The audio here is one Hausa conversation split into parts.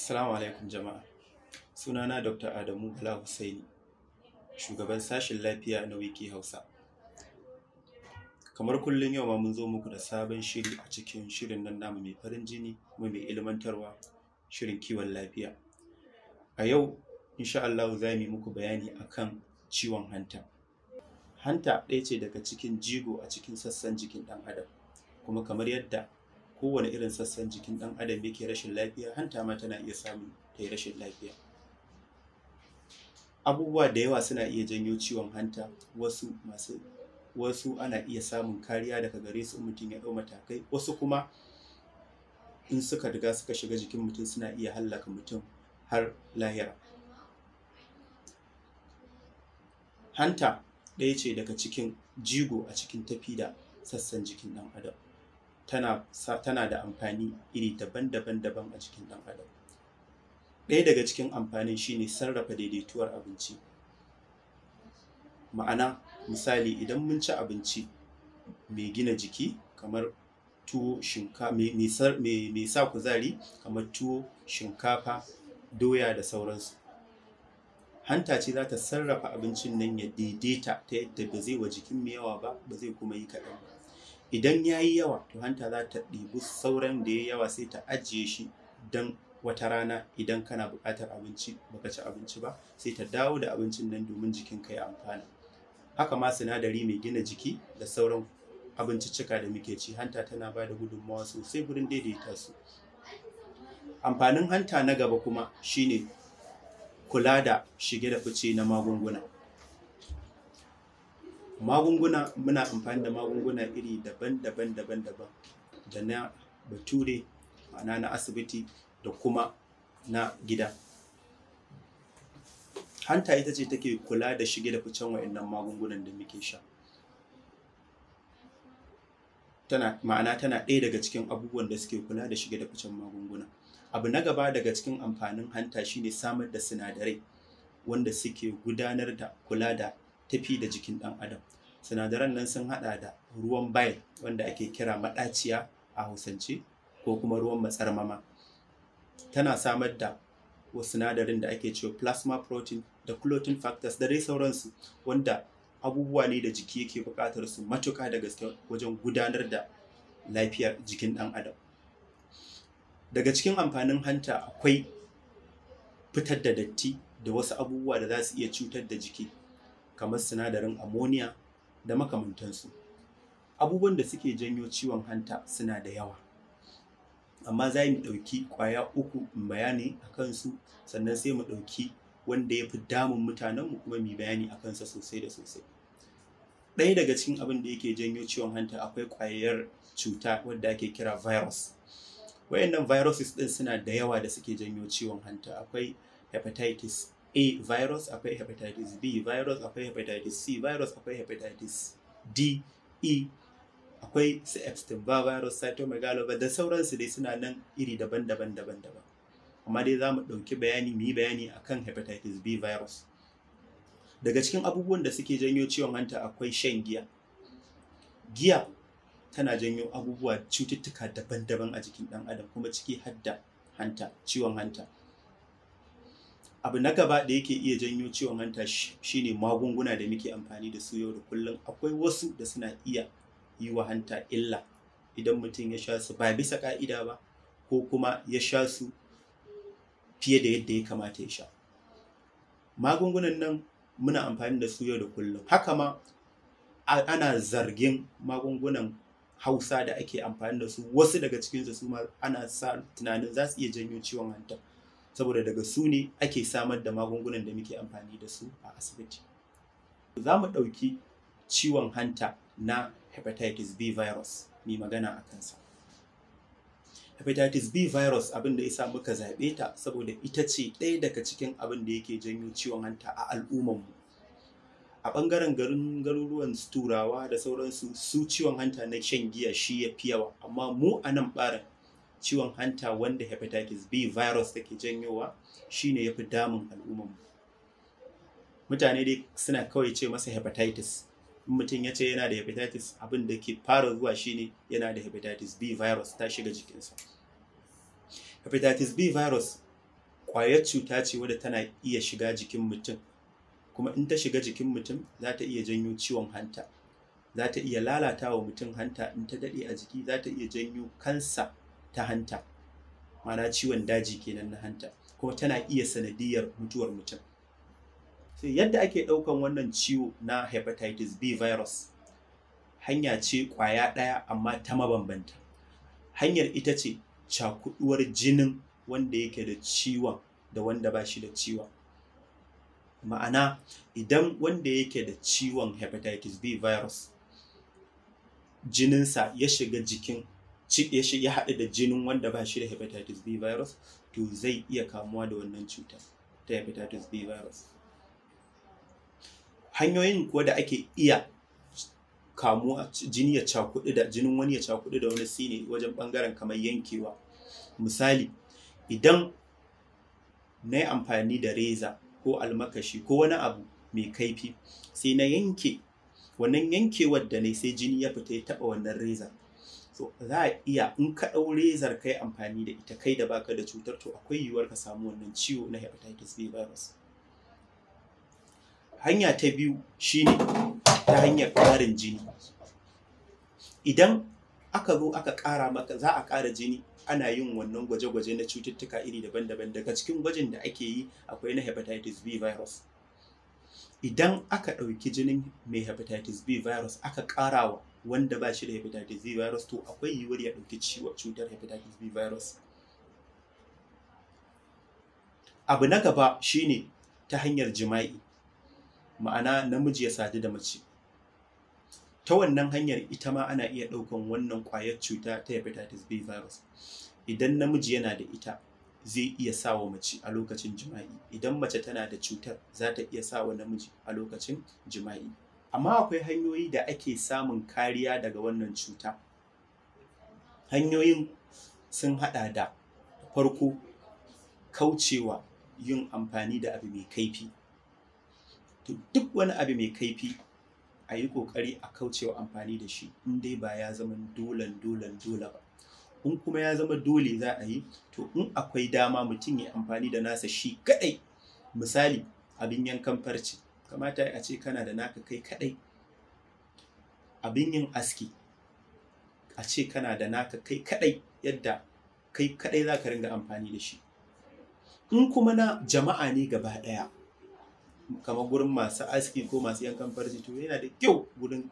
Assalamu alaikum jama'a. Sunana Dr. Adamu Bala Hussaini, shugaban sashen lafiya na Wiki Hausa. Kamar kullum yau ma mun zo muku da sabon shiri a cikin shirin nan namu mai farin jini kuma mai ilmantarwa shirin kiwon lafiya. A yau, insha Allah za mu yi muku bayani akan ciwon hanta. Hanta ɗaya ce daga cikin jigo a cikin sassan jikin ɗan adam, kuma kamar yadda kowane irin sassan jikin ɗan adam yake rashin lafiya hanta ma tana iya samun ta yi rashin lafiya abubuwa da yawa suna iya janyo ciwon hanta wasu masu wasu ana iya samun kariya daga gare su mutum ya ɗau matakai wasu kuma in suka riga suka shiga jikin mutum suna iya hallaka mutum har lahira hanta ɗaya ce daga cikin jigo a cikin tafi da sassan jikin ɗan adam tana, tana da amfani iri daban-daban daban a jikin ɗan adam ɗaya daga cikin amfanin shine sarrafa daidaituwar abinci ma'ana misali idan mun ci abinci mai gina jiki kamar tuwo shinkafa mai sa kuzari kamar tuwo shinkafa doya da sauransu hanta ce za ta sarrafa abincin nan ya daidaita ta yadda ba zai wa jikin mai yawa ba ba zai kuma yi kaɗan ba idan ya yi yawa to hanta za ta ɗibi sauran da ya yawa sai ta ajiye shi don wata rana idan kana buƙatar abinci baka ci abinci ba sai ta dawo da abincin nan domin jikin ka ya amfana haka ma sinadari mai gina jiki da sauran abinciccika da muke ci hanta tana ba da gudunmawa sosai gurin daidaita su amfanin hanta na gaba kuma shine kula da shige da fice na magunguna magunguna muna amfani da magunguna iri daban-daban daban-daban da na bature ma'ana na asibiti da kuma na gida hanta ita ce take kula da shige da ficen wa'annan magungunan da muke sha tana ma'ana tana ɗaya daga cikin abubuwan da suke kula da shige da ficen magunguna abu na gaba daga cikin amfanin hanta shine samar da sinadarai wanda suke gudanar da kula da tafi da jikin ɗan adam sinadaran nan sun haɗa da ruwan bile wanda ake kira maɗaciya a hausance ko kuma ruwan matsarmama tana samar da sinadarin da ake cewa plasma protein da clotting factors da dai sauransu wanda abubuwa ne da jiki yake buƙatar su matuƙa da gaske wajen gudanar da lafiyar jikin ɗan adam daga cikin amfanin hanta akwai fitar da datti da wasu abubuwa da za su iya cutar da jiki kamar sinadarin ammonia da makamantansu abubuwan da suke janyo ciwon hanta suna da yawa amma za mu ɗauki ƙwaya uku in bayani a kansu sannan sai mu ɗauki wanda ya fi damun mutanenmu kuma mu bayani a kansa sosai da sosai ɗaya daga cikin abin da yake janyo ciwon hanta akwai ƙwayar cuta wadda ake kira virus wayannan viruses ɗin suna da yawa da suke janyo ciwon hanta akwai hepatitis A virus akwai hepatitis B virus akwai hepatitis C virus akwai hepatitis D E akwai su Epstein-Barr virus cytomegalovirus da sauransu dai suna nan iri daban-daban daban-daban amma dai za mu ɗauki bayani mu yi bayani akan hepatitis B virus daga cikin abubuwan da suke janyo ciwon hanta akwai shan giya giya tana janyo abubuwa cututtuka daban-daban a jikin ɗan adam kuma ciki hadda hanta ciwon hanta abu na gaba da yake iya janyo ciwon hanta shine magunguna da muke amfani da su yau da kullum akwai wasu da suna iya yi wa hanta illa idan mutum ya sha su ba bisa ka'ida ba ko kuma ya sha su fiye da yadda ya kamata ya sha magungunan nan muna amfani da su yau da kullum haka ma ana zargin magungunan hausa da ake amfani da su wasu daga cikinsu su ana sa tunanin za su iya janyo ciwon hanta saboda daga su ne ake samar da magungunan da muke amfani da su a asibiti za mu ɗauki ciwon hanta na hepatitis b virus mai magana a kansa hepatitis b virus abin da ya isa muka zaɓe ta saboda ita ce ɗaya daga cikin abin da yake janyo ciwon hanta a mu. a ɓangaren garin garuruwan turawa da sauransu su ciwon hanta na shan giya shi ya fi yawa amma mu a nan ɓarin ciwon hanta wanda hepatitis B virus take janyowa shine yafi damun al'ummar mutane dai suna kawai ce masa hepatitis in mutum ya ce yana da hepatitis abin da ke fara zuwa shine yana da hepatitis B virus ta shiga jikinsa hepatitis B virus kwayar cuta ce wadda tana iya shiga jikin mutum kuma in ta shiga jikin mutum za ta iya janyo ciwon hanta za ta iya lalata wa mutum hanta in ta daɗe a jiki za ta iya janyo kansa ta hanta mana ciwon daji kenan na hanta kuma tana iya sanadiyar mutuwar mutum sai yadda ake ɗaukan wannan ciwo na hepatitis B virus hanya ce ƙwaya ɗaya amma ta mabambanta hanyar ita ce cakuduwar jinin wanda yake da ciwon da wanda ba shi da ciwon ma'ana idan wanda yake da ciwon hepatitis b virus jininsa ya shiga jikin ya shi haɗu da jinin wanda ba shi da hepatitis B virus to zai iya kamuwa da wannan cuta ta hepatitis B virus hanyoyin kuwa da ake iya kamuwa jini ya cakudu da jinin wani ya cakudu da wani sine wajen bangaren kamar yankewa misali idan na yi amfani da reza ko almakashi ko wani abu mai kaifi sai na yanke wannan yankewar da ne sai jini ya fita ya taɓa wannan reza to za a iya in ka ɗaure rezar kai amfani da ita kai da baka da cutar to akwai yiwuwar ka samu wannan ciwo na hepatitis B virus hanya ta biyu shine ta hanyar ƙarin jini idan aka zo aka ƙara maka za a ƙara jini ana yin wannan gwaje-gwaje na cututtuka iri daban-daban daga cikin gwajin da ake yi akwai na hepatitis B virus idan aka ɗauki jinin mai hepatitis B virus aka ƙarawa. wanda ba shi da hepatitis B virus to akwai yiwuwar ya ɗauki ciwon cutar hepatitis B virus abu na gaba shine ta hanyar jima'i ma'ana namiji ya sadu da mace ta wannan hanyar ita ma ana iya ɗaukan wannan ƙwayar cuta ta hepatitis B virus idan namiji yana da ita zai iya sawa mace a lokacin jima'i idan mace tana da cutar za ta iya sawa namiji a lokacin jima'i amma akwai hanyoyi da ake samun kariya daga wannan cuta hanyoyin sun hada da farko kaucewa yin amfani da abu mai kaifi duk wani abu mai kaifi a yi kokari a kaucewa amfani da shi in dai ba ya zama dolan dolan dole ba in kuma ya zama dole za a yi to in akwai dama mutum ya amfani da nasa shi kadai misali abin yankan farce kamata a ce kana da naka kai kadai abin yin aski a ce kana da naka kai kadai yadda kai kadai za ka ringa amfani da shi in kuma na jama'a ne gaba daya kamar gurin masu aski ko masu yankan farji to yana da kyau gurin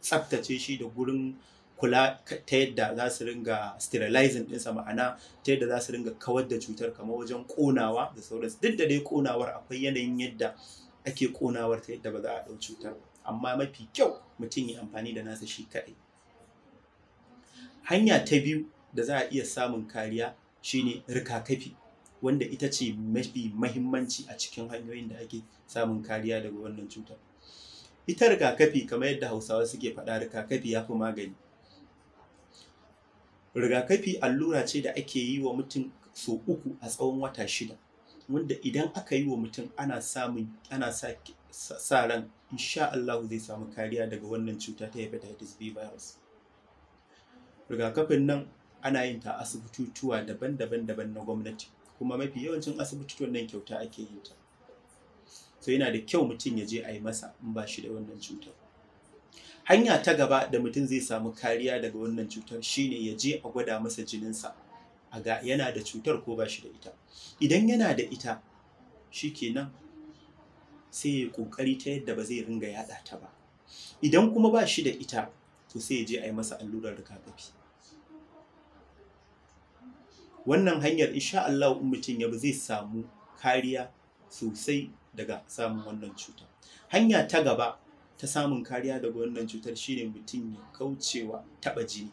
tsaftace shi da gurin kula ta yadda za su ringa sterilizing ɗinsa ma'ana ta yadda za su ringa kawar da cutar kamar wajen ƙonawa da sauransu duk da dai konawar akwai yanayin yadda ake konawar ta yadda ba za a ɗau cutar amma mafi kyau mutum ya amfani da nasa shi kaɗai hanya ta biyu da za a iya samun kariya shine rikakafi wanda ita ce mafi mahimmanci a cikin hanyoyin da ake samun kariya daga wannan cutar ita rigakafi kamar yadda hausawa suke faɗa rigakafi ya fi magani rigakafi allura ce da ake yi wa mutum sau uku a tsawon wata shida wanda idan aka yi wa mutum ana samun ana sa ran insha Allah zai samu kariya daga wannan cuta ta hepatitis B virus rigakafin nan ana yin ta asibitutuwa daban-daban daban na gwamnati kuma mafi yawancin asibitutuwan nan kyauta ake yin ta so yana da kyau mutum ya je a yi masa in ba shi da wannan cutar hanya ta gaba da mutum zai samu kariya daga wannan cutar shine ya je a gwada masa jininsa a yana da cutar ko ba shi da ita idan yana da ita shikenan sai ya kokari ta yadda ba zai ringa yada ta ba idan kuma ba shi da ita to sai ya je a yi masa allurar rigakafi wannan hanyar insha Allah in mutum ya zai samu kariya sosai daga samun wannan cutar. hanya ta gaba ta samun kariya daga wannan cutar shine mutum ya kaucewa taba jini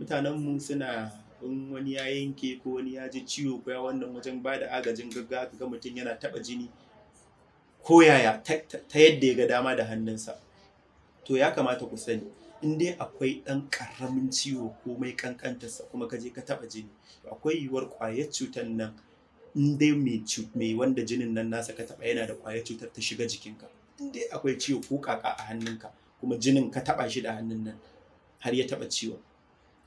mutanenmu suna in wani ya yanke ko wani ya ji ciwo ko ya wannan wajen ba da agajin gaggawa ga mutum yana taba jini ko yaya ta yadda ya ga dama da hannunsa to ya kamata ku sani in dai akwai ɗan karamin ciwo ko mai ƙanƙantarsa kuma kaje ka taba jini akwai yiwuwar ƙwayar cutar nan in dai mai wanda jinin nan nasa ka taɓa yana da ƙwayar cutar ta shiga jikinka in dai akwai ciwo ko kaka a hannunka kuma jinin ka taɓa shi da hannun nan har ya taɓa ciwo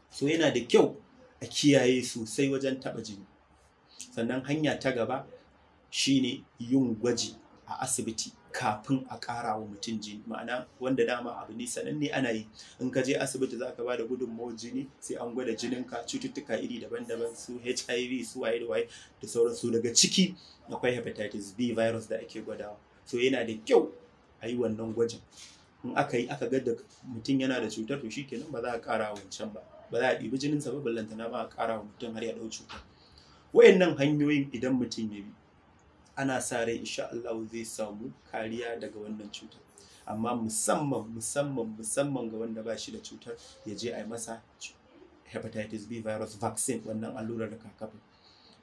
so yana da kyau a kiyaye sosai wajen taɓa jini sannan hanya ta gaba shine yin gwaji a asibiti kafin a ƙara wa mutum jini ma'ana wanda dama abu ne sananne ana yi in ka je asibiti za ka ba da gudunmawar jini sai an gwada jininka cututtuka iri daban-daban su hiv su waye da waye da sauransu daga ciki akwai hepatitis b virus da ake gwadawa so yana da kyau a yi wannan gwajin in aka yi aka ga da mutum yana da cutar to shi kenan ba za a ƙara wancan ba ba za a ɗibi jinin sa ba na ba a ƙara wa mutum har ya ɗau cuta wayannan hanyoyin idan mutum ya bi ana sa rai insha Allah zai samu kariya daga wannan cuta amma musamman musamman musamman ga wanda ba shi da cutar ya je a yi masa hepatitis B virus vaccine wannan allurar da kafin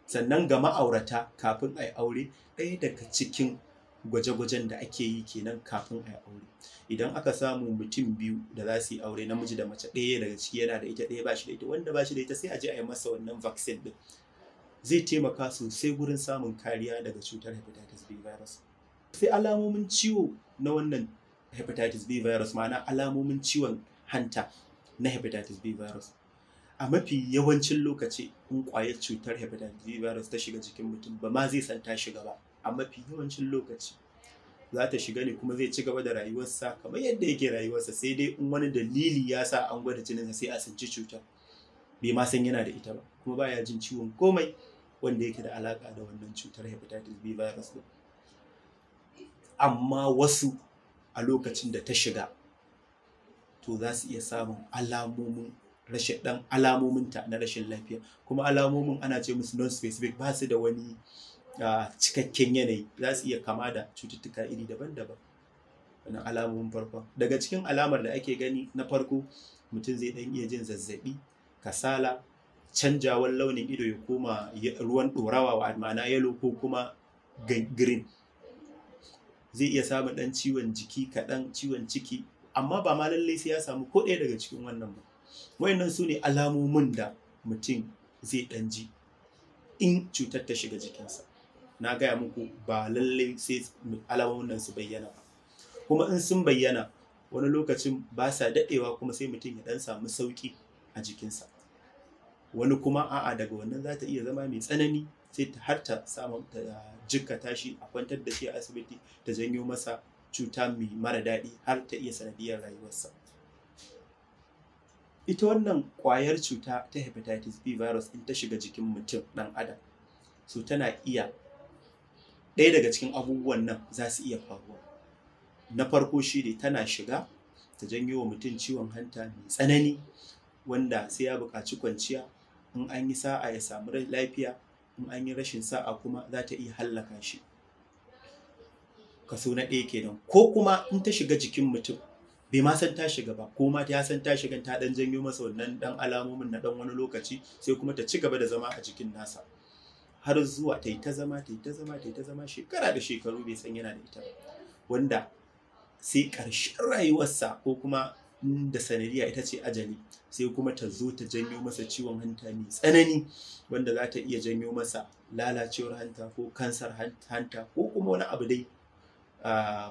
sannan ga ma'aurata kafin a yi aure ɗaya daga cikin gwaje-gwajen da ake yi kenan kafin a yi aure idan aka samu mutum biyu da za su yi aure namiji da mace ɗaya daga ciki yana da ita ɗaya ba shi da ita wanda ba shi da ita sai a je a yi masa wannan vaccine ɗin. zai taimaka sosai gurin samun kariya daga cutar hepatitis B virus sai alamomin ciwo na wannan hepatitis B virus ma'ana alamomin ciwon hanta na hepatitis B virus a mafi yawancin lokaci in kwayar cutar hepatitis B virus ta shiga jikin mutum ba ma zai san ta shiga ba a mafi yawancin lokaci za ta shiga ne kuma zai ci gaba da rayuwarsa kamar yadda yake rayuwarsa sai dai in wani dalili ya sa an gwada jinin sai a sanci cuta, bai ma san yana da ita ba kuma baya jin ciwon komai wanda yake da alaka da wannan cutar hepatitis B virus din amma wasu a lokacin da ta shiga to za su iya samun alamomin rashin dan alamomin ta na rashin lafiya kuma alamomin ana ce musu non specific ba su da wani cikakken yanayi za su iya kama da cututtuka iri daban-daban na alamomin farko daga cikin alamar da ake gani na farko mutum zai dan iya jin zazzabi kasala canjawan launin ido ya koma ruwan dorawa wa ma'ana yalo ko kuma green zai iya samun ɗan ciwon jiki kaɗan ciwon ciki amma ba ma lallai sai ya samu ko ɗaya daga cikin wannan ba wayannan su ne alamomin da mutum zai ɗan ji in cutar ta shiga jikinsa na gaya muku ba lallai sai alamomin nan su bayyana ba kuma in sun bayyana wani lokacin ba sa daɗewa kuma sai mutum ya ɗan samu sauƙi a jikinsa wani kuma a'a daga wannan za ta iya zama mai tsanani sai ta har ta samu ta jikkata shi a kwantar da shi a asibiti ta janyo masa cuta mai mara daɗi har ta iya sanadiyar rayuwarsa ita wannan ƙwayar cuta ta hepatitis b virus in ta shiga jikin mutum ɗan adam so tana iya ɗaya daga cikin abubuwan nan za su iya faruwa na farko shi ne tana shiga ta janyo wa mutum ciwon hanta mai tsanani wanda sai ya buƙaci kwanciya in an yi sa'a ya samu lafiya in an yi rashin sa'a kuma za ta iya hallaka shi kaso na ɗaya kenan ko kuma in ta shiga jikin mutum bai ma san ta shiga ba ko ma ta san ta shiga ta ɗan janyo masa wannan ɗan alamomin na ɗan wani lokaci sai kuma ta ci gaba da zama a jikin nasa har zuwa ta yi ta zama ta yi ta zama ta yi ta zama shekara da shekaru bai san yana da ita wanda sai ƙarshen rayuwarsa ko kuma da sanadiyya ita ce ajali sai kuma ta zo ta janyo masa ciwon hanta mai tsanani wanda za ta iya janyo masa lalacewar hanta ko kansar hanta ko kuma wani abu dai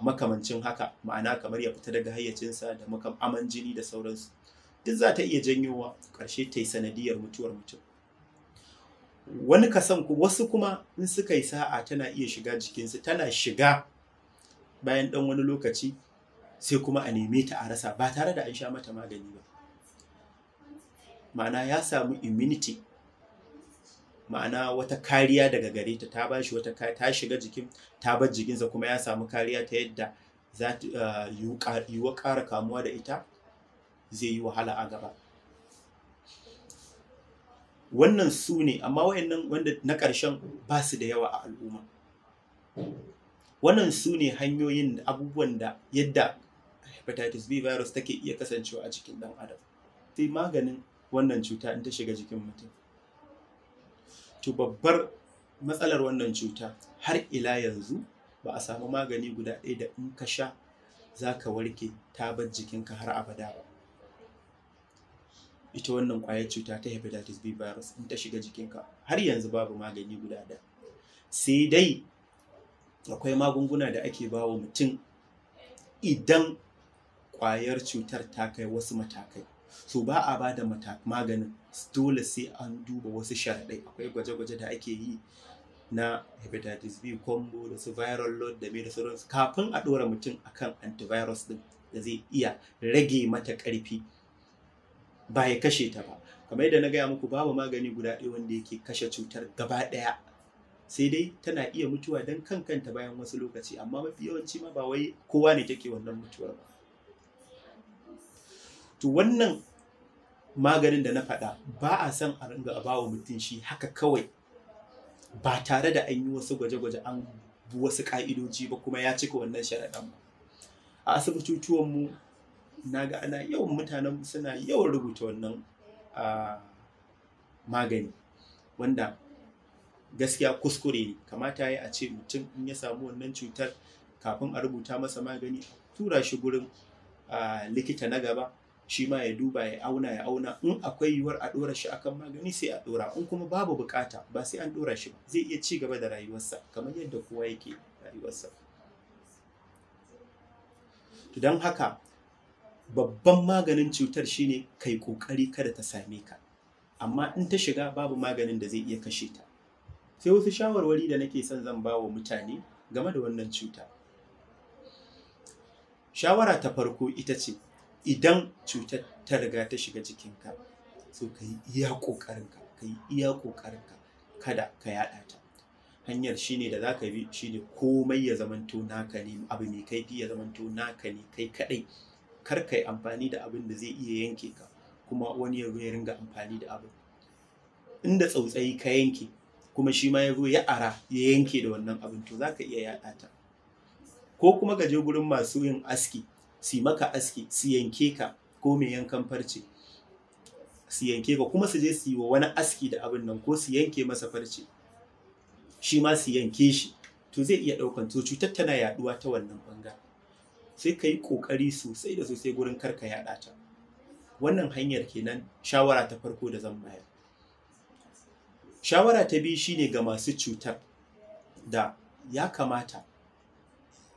makamancin haka ma'ana kamar ya fita daga hayyacinsa da makam aman jini da sauransu duk za ta iya janyowa ƙarshe ta yi sanadiyar mutuwar mutum wani kasan wasu kuma in suka yi sa'a tana iya shiga jikinsu tana shiga bayan ɗan wani lokaci sai kuma a neme ta a rasa ba tare da an sha mata magani ba ma'ana ya samu immunity ma'ana wata kariya daga gare ta ta bashi wata ta shiga jikin ta bar jikinsa kuma ya samu kariya ta yadda za ta ah, yiwuwa ƙara kamuwa da ita zai yi wahala a gaba wannan su ne amma wayannan wanda na ƙarshen ba su da yawa a al'umma wannan su ne hanyoyin abubuwan da yadda hepatitis b virus take iya kasancewa a cikin ɗan adam sai maganin wannan cuta in ta shiga jikin mutum to babbar matsalar wannan cuta har ila yanzu ba a samu magani guda ɗaya da in ka sha za ka warke ta bar jikinka har abada ba ita wannan kwayar cuta ta hepatitis B virus in ta shiga jikinka har yanzu babu magani guda da sai dai akwai magunguna da ake ba wa mutum idan kwayar cutar ta kai wasu matakai so ba a bada maganin dole sai an duba wasu sharaɗai akwai gwaje-gwaje da ake yi na hepatitis B combo da su viral load da mai da sauransu kafin a ɗora mutum akan antivirus din da zai iya rage mata ƙarfi ba ya kashe ta ba kamar yadda na gaya muku babu magani guda ɗaya wanda yake kashe cutar gaba ɗaya sai dai tana iya mutuwa don kan kanta bayan wasu lokaci amma mafi yawanci ma ba wai kowa ne take wannan mutuwar ba to wannan maganin da na faɗa ba a san a ringa a bawa mutum shi haka kawai ba tare da an yi wasu gwaje-gwaje an bu wasu ƙa'idoji ba kuma ya cika wannan sharaɗan ba a asibitocin mu na ga ana yawan mutanen suna yawan rubuta wannan magani wanda gaskiya kuskure ne kamata ya yi a ce mutum in ya samu wannan cutar kafin a rubuta masa magani tura shi gurin likita na gaba shi ma ya duba ya auna ya auna in akwai yiwuwar a dora shi akan magani sai a dora in kuma babu bukata ba sai an dora shi zai iya ci gaba da rayuwarsa kamar yadda kowa yake rayuwarsa to don haka babban maganin cutar shine kai kokari kada ta same ka amma in ta shiga babu maganin da zai iya kashe ta sai wasu shawarwari da nake son zan ba wa mutane game da wannan cuta shawara ta farko ita ce idan cutar ta riga ta shiga jikinka so ka yi iya ƙoƙarinka ka yi iya ƙoƙarinka kada ka yaɗa ta hanyar shine da za ka bi shine komai ya zamanto naka ne abu mai kaifi ya zamanto naka ne kai kaɗai kar ka yi amfani da abin da zai iya yanke ka kuma wani ya zo ya ringa amfani da abin inda tsautsayi ka yanke kuma shi ma ya zo ya ara ya yanke da wannan abin to zaka iya yaɗa ta ko kuma gaje gurin masu yin aski si maka aski su yanke ka ko mai yankan farce su yanke ka kuma su je su yi wa wani aski da abin nan ko su yanke masa farce shi ma su yanke shi to zai iya ɗaukan to cutar tana yaɗuwa ta wannan bangaren sai ka yi ƙoƙari sosai da sosai gurin karka yaɗa ta wannan hanyar kenan shawara ta farko da zan bayar shawara ta biyu shine ga masu cutar da ya kamata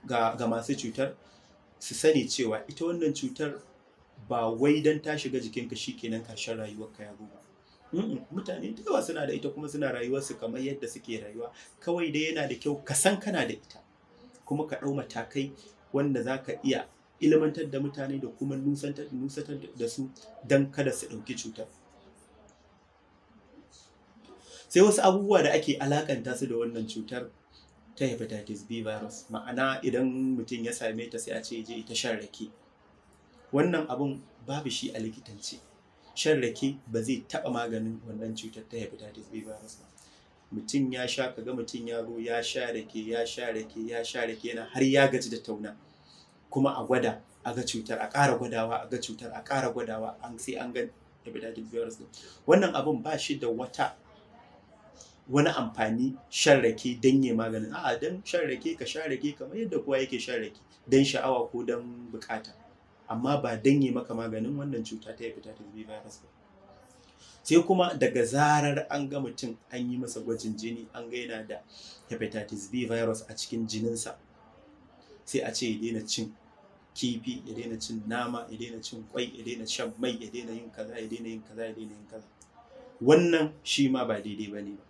ga, ga masu cutar su sani cewa ita wannan cutar ba wai don ta shiga jikinka kenan karshen rayuwarka ya ba mutane da yawa suna da ita kuma suna su kamar yadda suke rayuwa kawai dai yana da kyau ka san kana da ita kuma ka ɗau matakai wanda za ka iya ilmantar da mutane da kuma nusantar da su don kada su ɗauki cutar sai wasu abubuwa da ake alakanta su da wannan cutar ta hepatitis b virus ma'ana idan mutum ya same ta sai a ce je ta shan rake wannan abun babu shi a likitanci shan rake ba zai taɓa maganin wannan cutar ta hepatitis b virus ba mutum ya sha ka ga mutum ya zo ya sha rake ya sha rake ya sha rake yana har ya gaji da tauna kuma a gwada a ga cutar a ƙara gwadawa a ga cutar a ƙara gwadawa an sai an ga hepatitis virus din wannan abun ba shi da wata wani amfani shan rake don ya maganin a'a don shan rake ka sha rake kamar yadda kowa yake shan rake don sha'awa ko don bukata amma ba don ya maka maganin wannan cuta ta hepatitis virus ba sai kuma daga zarar an ga mutum an yi masa gwajin jini an ga yana da hepatitis b virus a cikin jininsa sai a ce ya daina cin kifi ya daina cin nama ya daina cin kwai ya daina shan mai ya daina yin kaza ya daina yin kaza ya daina yin kaza wannan shi ma ba daidai ba ne ba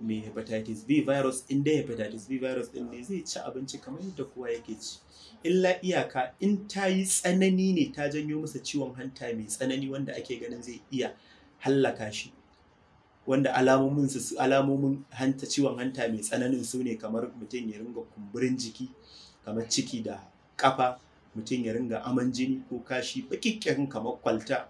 mai hepatitis B virus in dai hepatitis B virus din ne zai ci abinci kamar yadda kowa yake ci illa iyaka in ta yi tsanani ne ta janyo masa ciwon hanta mai tsanani wanda ake ganin zai iya hallaka shi wanda alamomin su alamomin hanta ciwon hanta mai tsananin su ne kamar mutum ya ringa kumburin jiki kamar ciki da kafa mutum ya ringa aman jini ko kashi bakikken kamar kwalta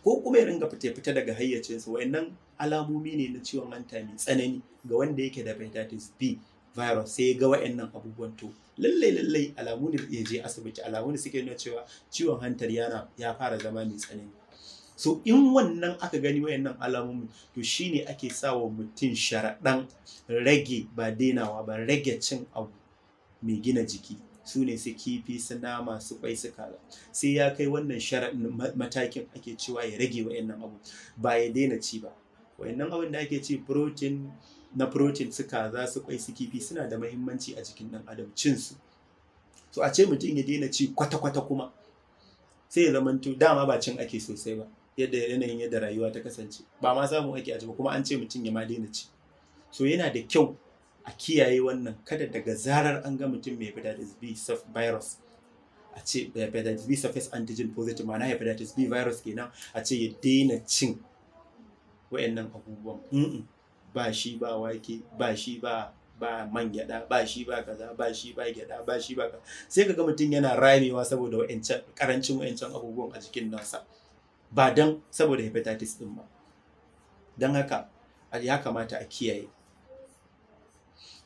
ko kuma ya ringa fita-fita daga hayyacinsa wayannan alamomi ne na ciwon hanta mai tsanani ga wanda yake da hepatitis B virus sai ya ga wa'annan abubuwan to lallai lallai alamu ne ya je asibiti alamu ne suke nuna cewa ciwon hantar yana ya fara zama mai tsanani so in wannan aka gani wayannan alamomi to shine ake sawa mutum sharaɗan rage ba dainawa ba rage cin abu mai gina jiki su ne su kifi su nama su kwai su kaza sai ya kai wannan sharaɗin matakin ake cewa ya rage wa'annan abu ba ya daina ci ba wa'annan abin da ake ce protein na protein su kaza su kwai su kifi suna da mahimmanci a jikin ɗan adam Cinsu. su so a ce mutum ya daina ci kwata-kwata kuma sai ya zamanto dama ba cin ake sosai ba yadda yanayin yadda rayuwa ta kasance ba ma samu ake aji ba kuma an ce mutum ya ma daina ci so yana da kyau a kiyaye wannan kada daga zarar an ga mutum mai hepatitis B virus a ce hepatitis B surface antigen positive ma'ana hepatitis B virus kenan a ce ya daina cin wayannan abubuwan ba shi ba wake ba shi ba ba man gyada ba shi ba kaza ba shi ba gyada ba shi ba kaza sai kaga mutum yana ramewa saboda karancin wayancan abubuwan a jikin nasa ba dan saboda hepatitis din ba dan haka ya kamata a kiyaye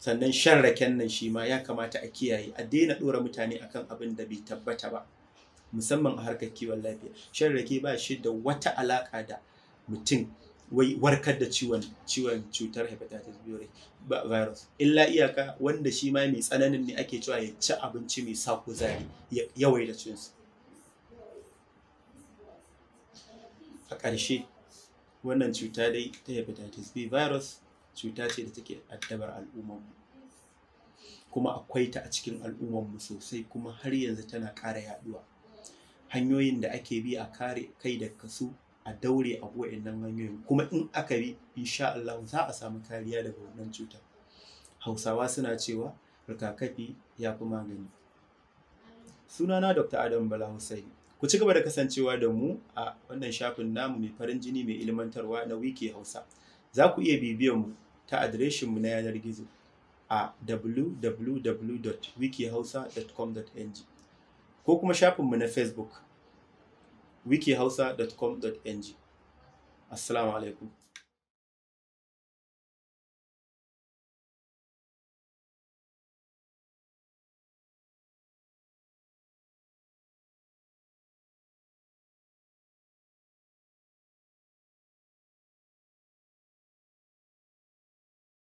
sannan shan raken nan shi ma ya kamata a kiyaye a daina ɗora mutane akan abin da bai tabbata ba musamman a harkar kiwon lafiya shan rake ba shi da wata alaƙa da mutum wai warkar da ciwon ciwon cutar hepatitis B virus illa iyaka wanda shi ma mai tsananin ne ake cewa ya ci abinci mai sa kuzari yawai da su. a ƙarshe wannan cuta dai ta hepatitis B virus cuta ce da take addabar al'ummarmu kuma akwai ta a cikin mu sosai kuma har yanzu tana ƙara yaduwa hanyoyin da ake bi a kare kai da kasu a daure a wa'annan hanyoyin kuma in aka bi insha Allah za a samu kariya daga wannan cutar hausawa suna cewa rigakafi ya fi magani sunana dr adam bala hussein ku ci gaba da kasancewa da mu a wannan shafin namu mai farin jini mai ilmantarwa na wiki hausa za ku iya bibiyan mu ta adireshinmu na yanar gizo a www.wikihausa.com.ng ko kuma shafinmu na facebook wikihausa.com.ng assalamu alaikum